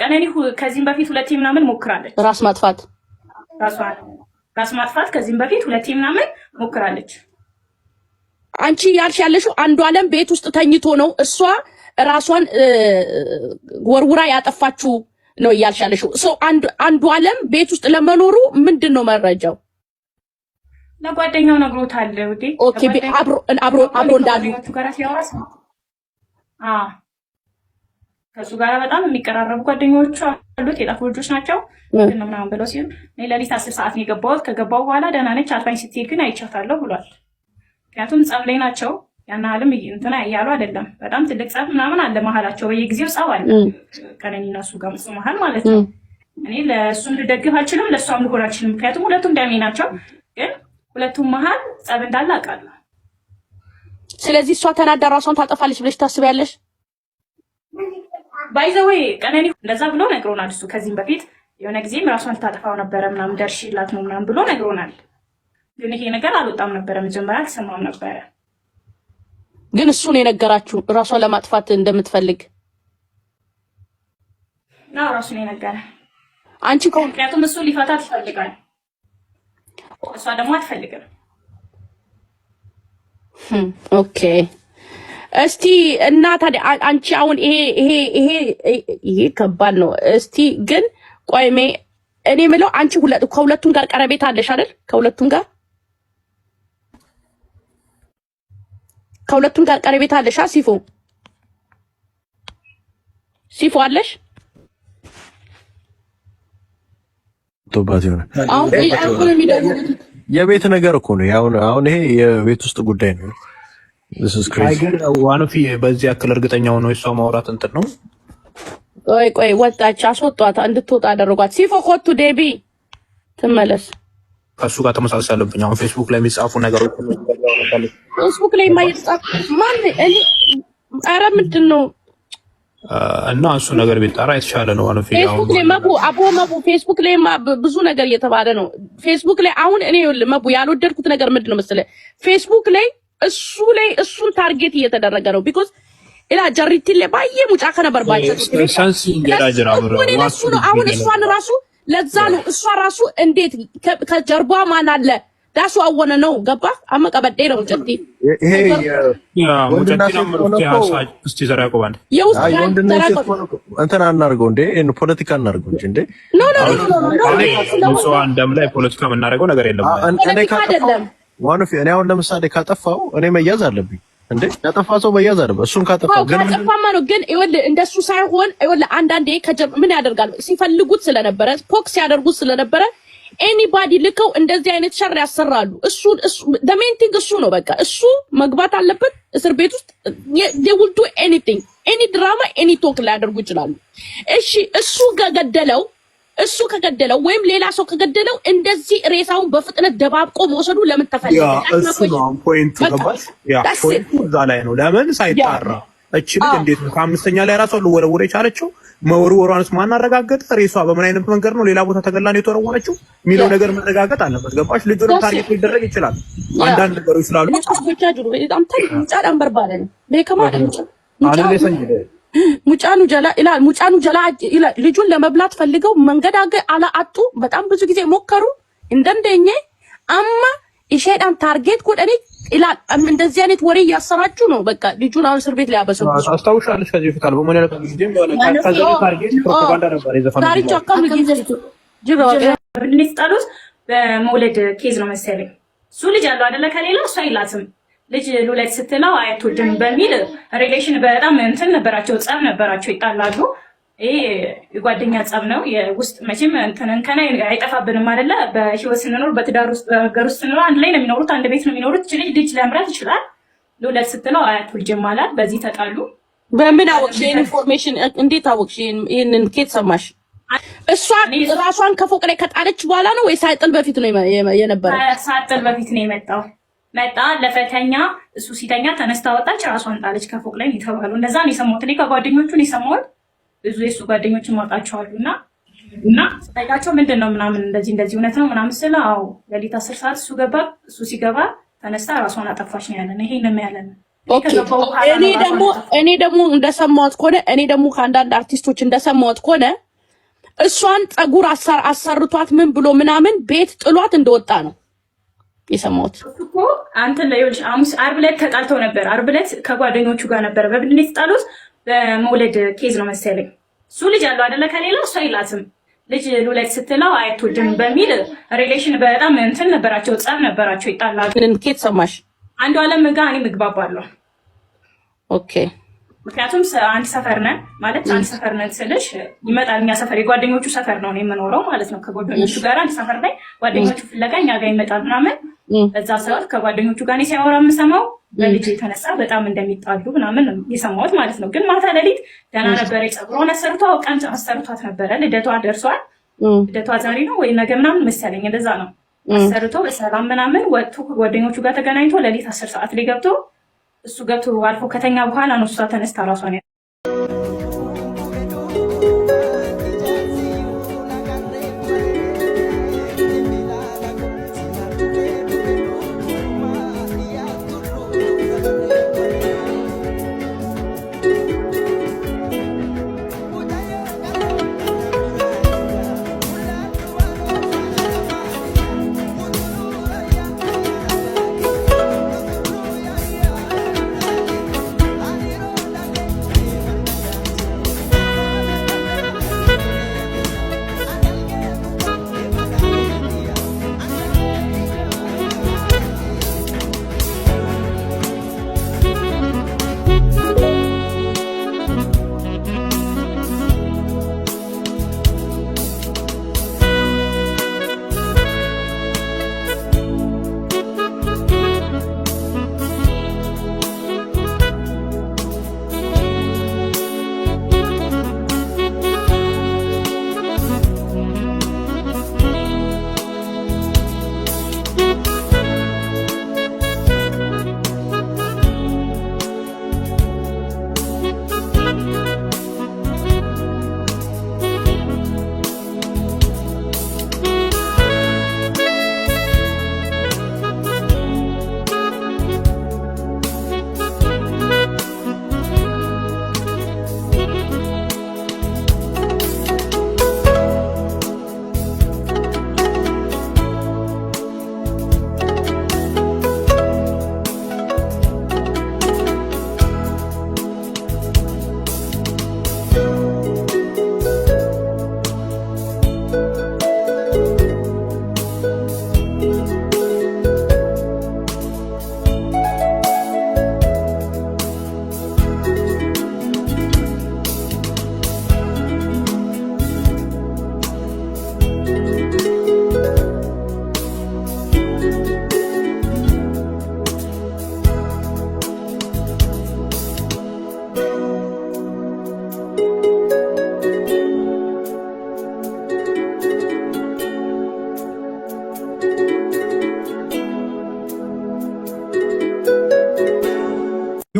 ቀነኒ ከዚህም በፊት ሁለቴ ምናምን ሞክራለች ራስ ማጥፋት ራስ ማጥፋት ከዚህም በፊት ሁለቴ ምናምን ሞክራለች። አንቺ ያልሽ ያለሽው አንዱ አለም ቤት ውስጥ ተኝቶ ነው እሷ ራሷን ወርውራ ያጠፋችው ነው እያልሽ ያለሽው። አንዱ አለም ቤት ውስጥ ለመኖሩ ምንድን ነው መረጃው? ለጓደኛው ነግሮታል። አብሮ እንዳሉ ከእሱ ጋር በጣም የሚቀራረቡ ጓደኞቹ አሉት። የጣፉ ልጆች ናቸው ምናምን ብለው ሲሆን እኔ ለሊት አስር ሰዓት ነው የገባሁት። ከገባሁ በኋላ ደህና ነች አልፋኝ ስትሄድ ግን አይቻታለሁ ብሏል። ምክንያቱም ጸብ ላይ ናቸው። ያን አለም እንትና እያሉ አይደለም። በጣም ትልቅ ጸብ ምናምን አለ መሀላቸው። በየጊዜው ጸብ አለ ቀነኒና እሱ ጋር እሱ መሀል ማለት ነው። እኔ ለእሱም ልደግፍ አልችልም፣ ለእሷም ልሆን አልችልም። ምክንያቱም ሁለቱም ዳሜ ናቸው። ግን ሁለቱም መሀል ጸብ እንዳለ አውቃለሁ። ስለዚህ እሷ ተናዳ ራሷን ታጠፋለች ብለሽ ታስቢያለሽ? ባይዘወይ ቀነኒ እንደዛ ብሎ ነግሮናል። እሱ ከዚህም በፊት የሆነ ጊዜም ራሷን ልታጠፋው ነበረ ምናምን ደርሽላት ነው ምናምን ብሎ ነግሮናል። ግን ይሄ ነገር አልወጣም ነበረ መጀመሪያ አልሰማም ነበረ። ግን እሱን የነገራችሁ ራሷን ለማጥፋት እንደምትፈልግ ነው ራሱን የነገረ አንቺ ከ ምክንያቱም እሱ ሊፈታት ይፈልጋል፣ እሷ ደግሞ አትፈልግም። ኦኬ እስቲ እና ታዲያ አንቺ አሁን ይሄ ይሄ ይሄ ይሄ ከባድ ነው። እስቲ ግን ቆይሜ እኔ ምለው አንቺ ሁለት ከሁለቱም ጋር ቀረቤት አለሽ አይደል? ከሁለቱም ጋር ከሁለቱም ጋር ቀረቤት አለሽ። ሲፎ ሲፎ አለሽ ቶባት አሁን የቤት ነገር እኮ ነው። አሁን አሁን ይሄ የቤት ውስጥ ጉዳይ ነው። ዋኖፊ uh, በዚህ ያክል እርግጠኛ ሆኖ የሷ ማውራት እንትን ነው። ቆይ ቆይ ወጣች፣ አስወጧት፣ እንድትወጣ አደረጓት። ሲፎ ኮቱ ዴቢ ትመለስ። ከእሱ ጋር ተመሳሰለብኝ። አሁን ፌስቡክ ላይ የሚጻፉ ነገሮች ፌስቡክ ላይ የማይጻፍ ማን ኧረ ምንድን ነው? Uh, እና እሱ ነገር ቢጣራ የተሻለ ነው። ዋኖፊ ፌስቡክ ላይ መቡ አቦ መቡ ፌስቡክ ላይ ብዙ ነገር እየተባለ ነው። ፌስቡክ ላይ አሁን እኔ መቡ ያልወደድኩት ነገር ምንድን ነው መሰለህ ፌስቡክ ላይ እሱ ላይ እሱን ታርጌት እየተደረገ ነው። ቢኮዝ ኢላ ጀሪቲ ባዬ ሙጫ ከነበር ባይሰ ነው አሁን እሷን ራሱ ለዛ ነው እሷ ራሱ እንዴት ከጀርባ ማን አለ ዳሱ አወነ ነው ገባ አመቀበዴ ነው ጀቲ ይሄ እንትን አናርገው እንዴ ፖለቲካ እናርገው እንጂ እንዴ ኖ ኖ ኖ ኖ ኖ ኖ ኖ ኖ ኖ ዋን ኦፍ እኔ አሁን ለምሳሌ ካጠፋው እኔ መያዝ አለብኝ እንዴ? ያጠፋ ሰው መያዝ አለበት። እሱን ካጠፋው ግን ካጠፋማ ነው ግን ይኸውልህ፣ እንደሱ ሳይሆን ይኸውልህ፣ አንዳንዴ ምን ያደርጋሉ ሲፈልጉት ስለነበረ ፖክ ሲያደርጉት ስለነበረ ኤኒባዲ ልከው እንደዚህ አይነት ሸር ያሰራሉ። እሱ ደሜንቲንግ እሱ ነው በቃ እሱ መግባት አለበት እስር ቤት ውስጥ ዴ ዱ ኤኒቲንግ ኤኒ ድራማ ኤኒ ቶክ ሊያደርጉ ይችላሉ። እሺ እሱ ገገደለው እሱ ከገደለው ወይም ሌላ ሰው ከገደለው እንደዚህ ሬሳውን በፍጥነት ደባብቆ መውሰዱ ለምን ተፈለገ? እዛ ላይ ነው ለምን ሳይጣራ እች ልጅ እንዴት ነው ከአምስተኛ ላይ ራሷ ልወረውር የቻለችው? መወርወሯንስ ማን አረጋገጠ? ሬሷ በምን አይነት መንገድ ነው ሌላ ቦታ ተገላ ነው የተወረወረችው የሚለው ነገር መረጋገጥ አለበት። ገባሽ? ልጁንም ታርጌት ሊደረግ ይችላል። አንዳንድ ነገሮች ስላሉ ጫ ጫ አንበርባለ ነው ከማ ሙጫኑ ጀላ ይላል። ሙጫኑ ጀላ ልጁን ለመብላት ፈልገው መንገድ አገ አላ አጡ። በጣም ብዙ ጊዜ ሞከሩ። እንደንደኘ አማ የሸይጣን ታርጌት ኩደኒ ይላል። እንደዚህ አይነት ወሬ እያሰራችሁ ነው። በቃ ልጁን አሁን እስር ቤት ሊያበሰው አስታውሻለሽ። ከዚህ በፊት አልበም ሆነ ለቀም ነበር የዘፈነው በመውለድ ኬዝ ነው መሰለኝ። እሱ ልጅ አለው አይደለ? ከሌላ እሱ አይላትም ልጅ ልውለድ ስትለው አይትወልድም በሚል ሪሌሽን በጣም እንትን ነበራቸው፣ ጸብ ነበራቸው፣ ይጣላሉ። ይሄ የጓደኛ ጸብ ነው። የውስጥ መቼም እንትን እንከና አይጠፋብንም አይደለ? በህይወት ስንኖር፣ በትዳር ውስጥ በሀገር ውስጥ ስንኖር አንድ ላይ ነው የሚኖሩት፣ አንድ ቤት ነው የሚኖሩት። ልጅ ልጅ ለምረት ይችላል። ልውለድ ስትለው አያትወልጅም አላት። በዚህ ተጣሉ። በምን አወቅሽ? ኢንፎርሜሽን እንዴት አወቅሽ? ይህንን ኬት ሰማሽ? እሷ ራሷን ከፎቅ ላይ ከጣለች በኋላ ነው ወይ ሳይጥል በፊት ነው የነበረ? ሳጥል በፊት ነው የመጣው መጣ ለፈተኛ እሱ ሲተኛ ተነስታ ወጣች፣ ራሷን ጣለች ከፎቅ ላይ የተባሉ እንደዛ ነው የሰማሁት። እኔ ከጓደኞቹን የሰማሁት ብዙ የእሱ ጓደኞች ማውጣቸዋሉ እና እና ጠይቃቸው ምንድን ነው ምናምን እንደዚህ እንደዚህ እውነት ነው ምናምን ስለ አዎ ሌሊት አስር ሰዓት እሱ ገባ እሱ ሲገባ ተነስታ ራሷን አጠፋች ነው ያለን። ይሄ ይሄንም ያለን እኔ ደግሞ እኔ ደግሞ እንደሰማሁት ከሆነ እኔ ደግሞ ከአንዳንድ አርቲስቶች እንደሰማሁት ከሆነ እሷን ጸጉር አሰርቷት ምን ብሎ ምናምን ቤት ጥሏት እንደወጣ ነው የሰማሁት እኮ አንተን ላይ ልጅ ሐሙስ ዓርብ ዕለት ተጣልተው ነበር። አርብ ዕለት ከጓደኞቹ ጋር ነበር። በምንድን ነው የተጣሉት? በመውለድ ኬዝ ነው መሰለኝ። እሱ ልጅ አለው አደለ? ከሌላ እሱ አይላትም ልጅ ልውለድ ስትለው አይትወልድም በሚል ሪሌሽን በጣም እንትን ነበራቸው፣ ጸብ ነበራቸው፣ ይጣላሉ። ኬት ሰማሽ? አንዱ አለም ጋር እኔ ምግባባለሁ። ኦኬ ምክንያቱም አንድ ሰፈር ነን ማለት አንድ ሰፈር ነን ስልሽ ይመጣል። እኛ ሰፈር የጓደኞቹ ሰፈር ነው የምኖረው ማለት ነው። ከጓደኞቹ ጋር አንድ ሰፈር ላይ ጓደኞቹ ፍለጋ እኛ ጋር ይመጣል ምናምን። በዛ ሰዓት ከጓደኞቹ ጋር ሲያወራ የምሰማው በልጅ የተነሳ በጣም እንደሚጣሉ ምናምን የሰማሁት ማለት ነው። ግን ማታ ሌሊት ደህና ነበረ። ጸጉሯን አሰርቷ ቀን አሰርቷት ነበረ። ልደቷ ደርሷል። ልደቷ ዛሬ ነው ወይ ነገ ምናምን መሰለኝ እንደዛ ነው። አሰርቶ በሰላም ምናምን ወጥቶ ከጓደኞቹ ጋር ተገናኝቶ ሌሊት አስር ሰዓት ላይ ገብቶ እሱ ገብቶ አልፎ ከተኛ በኋላ ነው እሷ ተነስታ ራሷን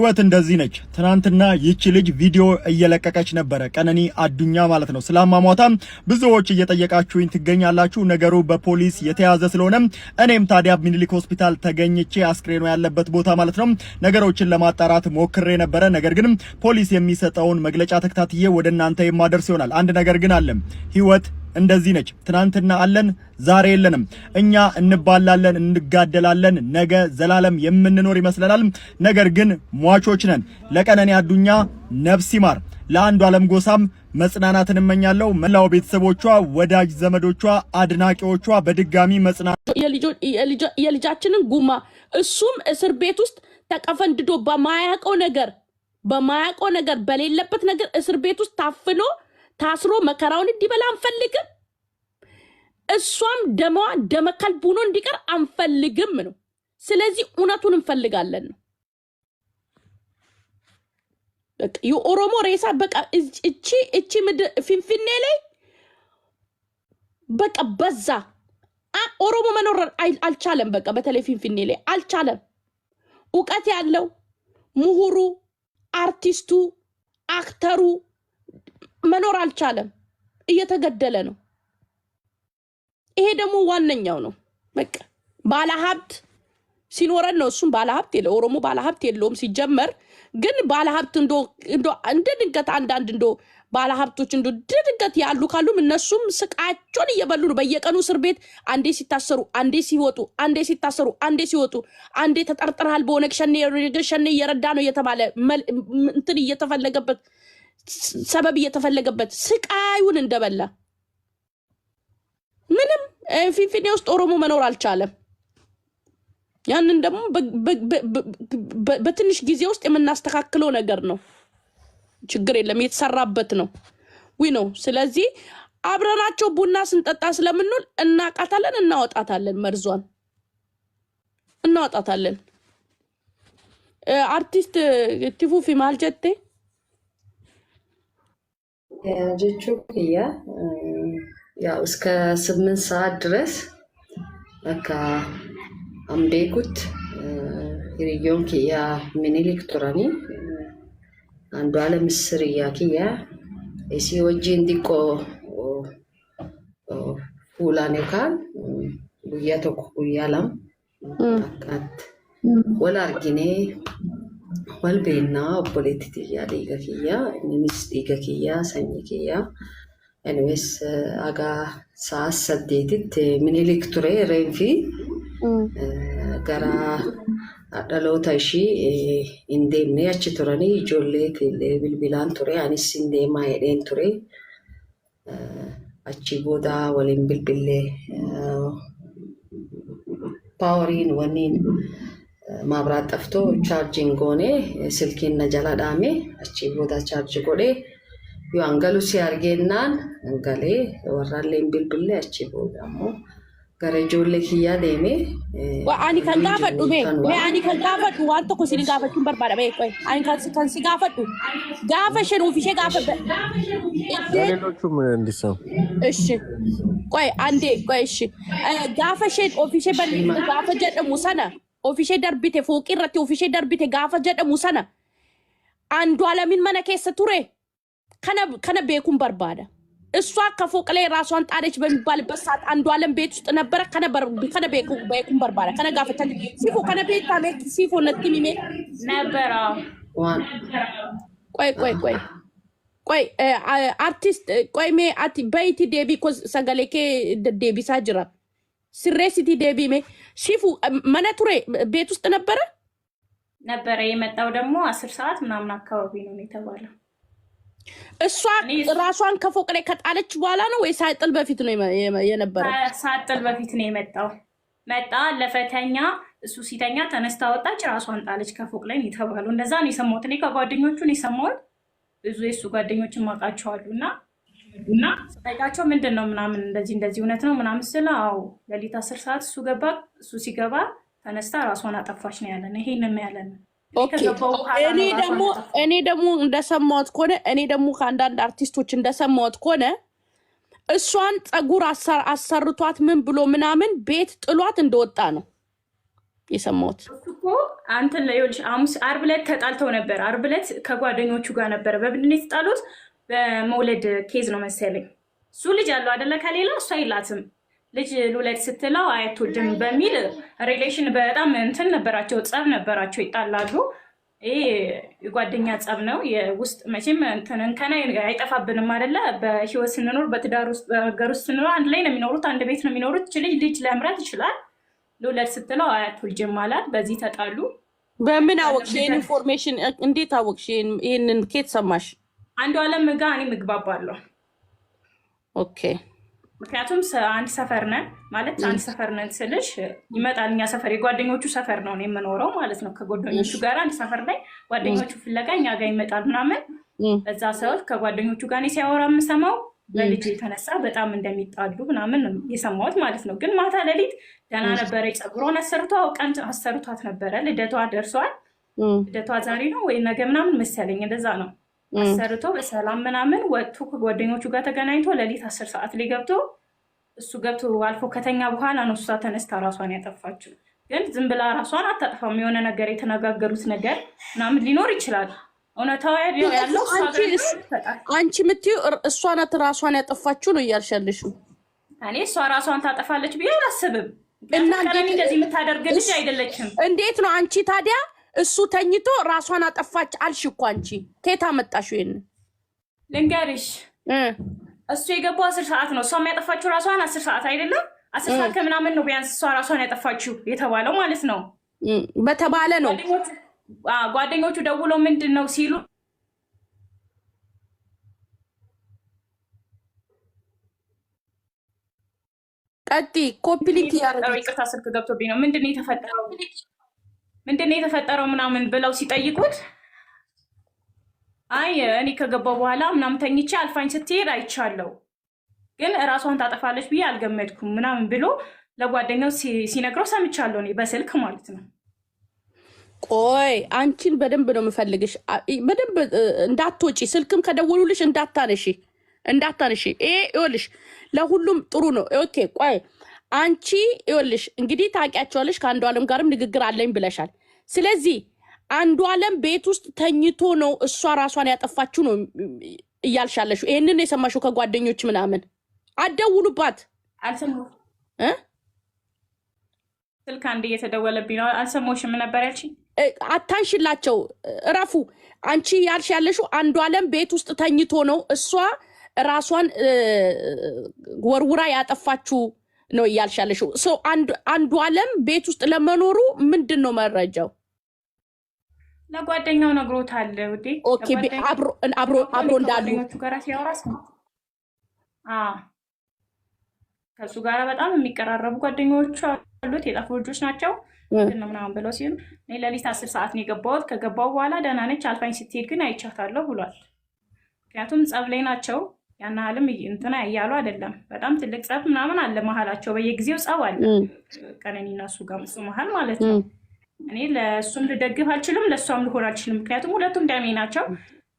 ህይወት እንደዚህ ነች። ትናንትና ይቺ ልጅ ቪዲዮ እየለቀቀች ነበረ፣ ቀነኒ አዱኛ ማለት ነው። ስላማ ሟታ ብዙዎች እየጠየቃችሁኝ ትገኛላችሁ። ነገሩ በፖሊስ የተያዘ ስለሆነ እኔም ታዲያ ሚኒሊክ ሆስፒታል ተገኝቼ አስክሬኑ ያለበት ቦታ ማለት ነው ነገሮችን ለማጣራት ሞክሬ ነበረ። ነገር ግን ፖሊስ የሚሰጠውን መግለጫ ተከታትዬ ወደ እናንተ የማደርስ ይሆናል። አንድ ነገር ግን አለም ህይወት እንደዚህ ነች። ትናንትና አለን፣ ዛሬ የለንም። እኛ እንባላለን፣ እንጋደላለን፣ ነገ ዘላለም የምንኖር ይመስለናል። ነገር ግን ሟቾች ነን። ለቀነኔ አዱኛ ነፍስ ይማር፣ ለአንዱ ዓለም ጎሳም መጽናናትን እመኛለሁ። መላው ቤተሰቦቿ፣ ወዳጅ ዘመዶቿ፣ አድናቂዎቿ በድጋሚ መጽናናት የልጃችንን ጉማ እሱም እስር ቤት ውስጥ ተቀፈንድዶ በማያውቀው ነገር በማያውቀው ነገር በሌለበት ነገር እስር ቤት ውስጥ ታፍኖ ታስሮ መከራውን እንዲበላ አንፈልግም። እሷም ደሟ ከልብ ሆኖ እንዲቀር አንፈልግም ነው። ስለዚህ እውነቱን እንፈልጋለን ነው። የኦሮሞ ሬሳ በቃ እቺ እቺ ምድር ፊንፊኔ ላይ በቃ በዛ ኦሮሞ መኖር አልቻለም። በቃ በተለይ ፊንፊኔ ላይ አልቻለም። እውቀት ያለው ምሁሩ፣ አርቲስቱ፣ አክተሩ መኖር አልቻለም፣ እየተገደለ ነው። ይሄ ደግሞ ዋነኛው ነው። በቃ ባለሀብት ሲኖረን ነው። እሱም ባለሀብት የለ ኦሮሞ ባለሀብት የለውም ሲጀመር። ግን ባለሀብት እንዶ እንደ ድንገት አንዳንድ እንዶ ባለሀብቶች እንዶ ድንገት ያሉ ካሉም እነሱም ስቃቸውን እየበሉ ነው። በየቀኑ እስር ቤት አንዴ ሲታሰሩ፣ አንዴ ሲወጡ፣ አንዴ ሲታሰሩ፣ አንዴ ሲወጡ፣ አንዴ ተጠርጥረሃል በኦነግ ሸኔ እየረዳ ነው እየተባለ እንትን እየተፈለገበት ሰበብ እየተፈለገበት ስቃዩን እንደበላ ምንም ፊንፊኔ ውስጥ ኦሮሞ መኖር አልቻለም። ያንን ደግሞ በትንሽ ጊዜ ውስጥ የምናስተካክለው ነገር ነው። ችግር የለም፣ የተሰራበት ነው ዊ ነው። ስለዚህ አብረናቸው ቡና ስንጠጣ ስለምንውል እናቃታለን፣ እናወጣታለን፣ መርዟን እናወጣታለን። አርቲስት ቲፉፊ ማልጀቴ የያዘቹ ክያ ያው እስከ ስምንት ሰዓት ድረስ በካ አምቤኩት ሪዮን ክያ ሚኒሊክ ቱራኒ አንዱ አለም ያ ክያ እሲ ወጂ እንዲቆ ፉላን ዮካን ጉያ ቶኮ ጉያ ላም አቃት ወላ አርጊኔ wal beeknaa obboleetti kiyyaa dhiiga kiyyaa innis dhiiga kiyyaa sanyii kiyyaa innis hagaa sa'aas saddeetitti minilik ture reenfi gara dhaloota ishii hin deemne achi turanii ijoollee bilbilaan ture anis hin deemaa jedheen ture achi booda waliin bilbillee paawariin waliin. መብራት ጠፍቶ ቻርጂንግ ሆኔ ስልኬን ነጀላ ዳሜ አቺ ቦታ ቻርጅ ጎዴ ዩ አንገሉ ሲያርጌናን እንገሌ ወራሌን ብልብሌ አቺ ቦዳሞ ገረ ijoollee kiyyaa deeme. Ani kan gaafadhu mee ani kan gaafadhu waan tokko si gaafachuun barbaada mee qoy ani kan si gaafadhu gaafa shan ofishee gaafadha. ሌሎቹ ምን እንዲሰው እሺ ቆይ አንዴ ቆይ እሺ gaafa shan ofishee bal'ina gaafa jedhamu sana ofishee darbite fooqii irratti ofishee darbite gaafa jedhamu sana andu'alamin mana keessa ture kana, kana beekuun barbaada እሷ ከፎቅ ራሷን ጣለች በሚባልበት ሰዓት አንዱ አለም ቤት ውስጥ ነበረ። ከነ ቤኩም በርባራ ከነ ጋፈተ ሲፎ ከነ ቤታ ቤት ሲፎ ነትም ሜ ነበረ። ቆይ ቆይ ቆይ ቆይ አርቲስት ቆይ ሜ አቲ በይቲ ዴቢ ኮ ሰገሌኬ ዴቢሳ ጅራ ስሬሲቲ ዴቢ ሜ ሲፉ መነቱሬ ቤት ውስጥ ነበረ ነበረ የመጣው ደግሞ አስር ሰዓት ምናምን አካባቢ ነው የተባለው። እሷ ራሷን ከፎቅ ላይ ከጣለች በኋላ ነው ወይ ሳጥል በፊት ነው የነበረ? ሳጥል በፊት ነው የመጣው። መጣ ለፈተኛ እሱ ሲተኛ ተነስታ ወጣች፣ ራሷን ጣለች ከፎቅ ላይ ነው የተባለው። እንደዛ ነው የሰማሁት እኔ ከጓደኞቹን የሰማሁት ብዙ የእሱ ጓደኞችን ማውቃቸዋሉ እና እና ስጠይቃቸው ምንድን ነው ምናምን እንደዚህ እንደዚህ እውነት ነው ምናምን ስለ አዎ ሌሊት አስር ሰዓት እሱ ገባ እሱ ሲገባ ተነስታ ራሷን አጠፋች ነው ያለን። ይሄንም ያለን እኔ ደግሞ እንደሰማሁት ከሆነ እኔ ደግሞ ከአንዳንድ አርቲስቶች እንደሰማሁት ከሆነ እሷን ፀጉር አሰርቷት ምን ብሎ ምናምን ቤት ጥሏት እንደወጣ ነው የሰማሁት እኮ አንተን ላይ ሐሙስ ዓርብ ዕለት ተጣልተው ነበር። ዓርብ ዕለት ከጓደኞቹ ጋር ነበረ በብድን የተጣሉት በመውለድ ኬዝ ነው መሰለኝ። እሱ ልጅ አለው አደለ? ከሌላ እሷ አይላትም ልጅ ልውለድ ስትለው አያትወድም በሚል ሪሌሽን በጣም እንትን ነበራቸው፣ ጸብ ነበራቸው፣ ይጣላሉ። ይህ የጓደኛ ጸብ ነው የውስጥ መቼም እንከና አይጠፋብንም አደለ? በህይወት ስንኖር፣ በትዳር ውስጥ፣ በሀገር ውስጥ ስንኖር አንድ ላይ ነው የሚኖሩት፣ አንድ ቤት ነው የሚኖሩት። ች ልጅ ልጅ ለምረት ይችላል። ልውለድ ስትለው አያትወልጅም አላት። በዚህ ተጣሉ። በምን አወቅሽ? ይህን ኢንፎርሜሽን እንዴት አወቅሽ? ይህንን ኬት ሰማሽ? አንዱ አለም ጋ እኔ ምግባባለሁ። ኦኬ ምክንያቱም አንድ ሰፈር ነን ማለት አንድ ሰፈር ነን ስልሽ ይመጣል። እኛ ሰፈር የጓደኞቹ ሰፈር ነው የምኖረው ማለት ነው። ከጓደኞቹ ጋር አንድ ሰፈር ላይ ጓደኞቹ ፍለጋ እኛ ጋር ይመጣል ምናምን። በዛ ሰዎች ከጓደኞቹ ጋር እኔ ሲያወራ የምሰማው በልጅ የተነሳ በጣም እንደሚጣሉ ምናምን የሰማሁት ማለት ነው። ግን ማታ ሌሊት ደህና ነበረ። ጸጉሯን አሰርቷ ቀን አሰርቷት ነበረ። ልደቷ ደርሷል። ልደቷ ዛሬ ነው ወይ ነገ ምናምን መሰለኝ እንደዛ ነው አሰርቶ በሰላም ምናምን ወጥቶ ከጓደኞቹ ጋር ተገናኝቶ ሌሊት አስር ሰዓት ላይ ገብቶ እሱ ገብቶ አልፎ ከተኛ በኋላ ነው እሷ ተነስታ ራሷን ያጠፋችው። ግን ዝም ብላ ራሷን አታጥፋም። የሆነ ነገር የተነጋገሩት ነገር ምናምን ሊኖር ይችላል። እውነታው ያለው አንቺ የምትይው እሷ ናት ራሷን ያጠፋችው ነው እያልሻለሽም። እኔ እሷ ራሷን ታጠፋለች ብዬ አላስብም። እንደዚህ የምታደርግ ልጅ አይደለችም። እንዴት ነው አንቺ ታዲያ እሱ ተኝቶ ራሷን አጠፋች አልሽ እኮ አንቺ። ከየት አመጣሽ ይሄን? ልንገርሽ፣ እሱ የገባው አስር ሰዓት ነው። እሷ የሚያጠፋችው ራሷን አስር ሰዓት አይደለም አስር ሰዓት ከምናምን ነው ቢያንስ እሷ ራሷን ያጠፋችው የተባለው ማለት ነው በተባለ ነው። ጓደኞቹ ደውሎ ምንድን ነው ሲሉ ቀጢ ኮፒ ያረ ያደረገ ይቅርታ፣ ስልክ ገብቶብኝ ነው። ምንድን ነው የተፈጠረው? ምንድን ነው የተፈጠረው ምናምን ብለው ሲጠይቁት አይ እኔ ከገባው በኋላ ምናምን ተኝቼ አልፋኝ ስትሄድ አይቻለው፣ ግን እራሷን ታጠፋለች ብዬ አልገመድኩም ምናምን ብሎ ለጓደኛው ሲነግረው ሰምቻለሁ፣ እኔ በስልክ ማለት ነው። ቆይ አንቺን በደንብ ነው የምፈልግሽ፣ በደንብ እንዳትወጪ፣ ስልክም ከደወሉልሽ እንዳታነሺ፣ እንዳታነሺ። ይሄ ይኸውልሽ ለሁሉም ጥሩ ነው። ኦኬ ቆይ አንቺ ይኸውልሽ እንግዲህ ታውቂያቸዋለሽ ከአንዱ ዓለም ጋርም ንግግር አለኝ ብለሻል። ስለዚህ አንዱ ዓለም ቤት ውስጥ ተኝቶ ነው እሷ ራሷን ያጠፋችው ነው እያልሻለሽ። ይህንን የሰማሽው ከጓደኞች ምናምን አደውሉባት። ስልክ አንድ እየተደወለብኝ ነው። አልሰማሁሽም ነበር ያልሽኝ። አታንሽላቸው፣ እረፉ። አንቺ ያልሽ ያለሽው አንዱ ዓለም ቤት ውስጥ ተኝቶ ነው እሷ ራሷን ወርውራ ያጠፋችው ነው እያልሻለሽው። ሰው አንዱ አለም ቤት ውስጥ ለመኖሩ ምንድን ነው መረጃው? ለጓደኛው ነግሮታል። ውዴ አብሮ እንዳሉ ከሱ ጋር በጣም የሚቀራረቡ ጓደኞቹ አሉት። የጠፉ ልጆች ናቸው ምናምን ብለው ሲሆን ለሊት አስር ሰዓት ነው የገባሁት። ከገባው በኋላ ደህና ነች አልፋኝ ስትሄድ ግን አይቻታለሁ ብሏል። ምክንያቱም ጸብ ላይ ናቸው ያን ያህልም እንትና እያሉ አይደለም። በጣም ትልቅ ጸብ ምናምን አለ መሀላቸው፣ በየጊዜው ጸብ አለ ቀነኒና እሱ ጋር መሀል ማለት ነው። እኔ ለእሱም ልደግፍ አልችልም፣ ለእሷም ልሆን አልችልም። ምክንያቱም ሁለቱም ዳሜ ናቸው።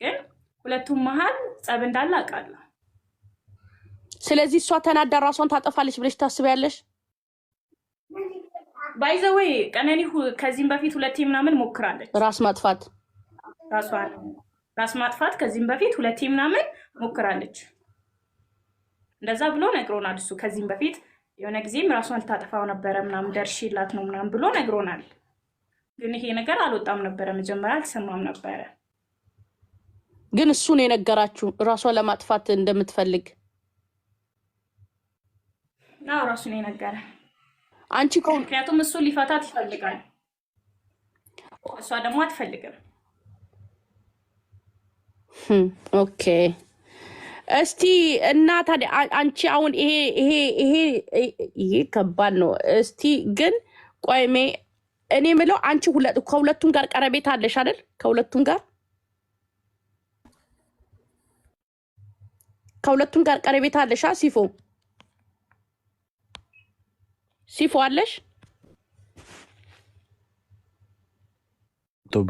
ግን ሁለቱም መሀል ጸብ እንዳለ አውቃለሁ። ስለዚህ እሷ ተናዳ ራሷን ታጠፋለች ብለሽ ታስቢያለሽ? ባይዘወይ ቀነኒ ከዚህም በፊት ሁለቴ ምናምን ሞክራለች ራስ ማጥፋት ራሷን ራስ ማጥፋት ከዚህም በፊት ሁለቴ ምናምን ሞክራለች። እንደዛ ብሎ ነግሮናል። እሱ ከዚህም በፊት የሆነ ጊዜም ራሷን ልታጠፋው ነበረ ምናምን ደርሼላት ነው ምናምን ብሎ ነግሮናል። ግን ይሄ ነገር አልወጣም ነበረ፣ መጀመሪያ አልሰማም ነበረ። ግን እሱን የነገራችሁ ራሷን ለማጥፋት እንደምትፈልግ ና ራሱን የነገረ አንቺ። ምክንያቱም እሱ ሊፈታት ይፈልጋል፣ እሷ ደግሞ አትፈልግም። ኦኬ hmm, እስቲ እና ታዲያ አንቺ አሁን ይሄ ይሄ ይሄ ይሄ ከባድ ነው። እስቲ ግን ቆይሜ እኔ ምለው አንቺ ከሁለቱም ጋር ቀረቤት አለሽ አይደል? ከሁለቱም ጋር ከሁለቱም ጋር ቀረቤት አለሽ። ሲፎ ሲፎ አለሽ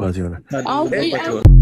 ባት ይሆናል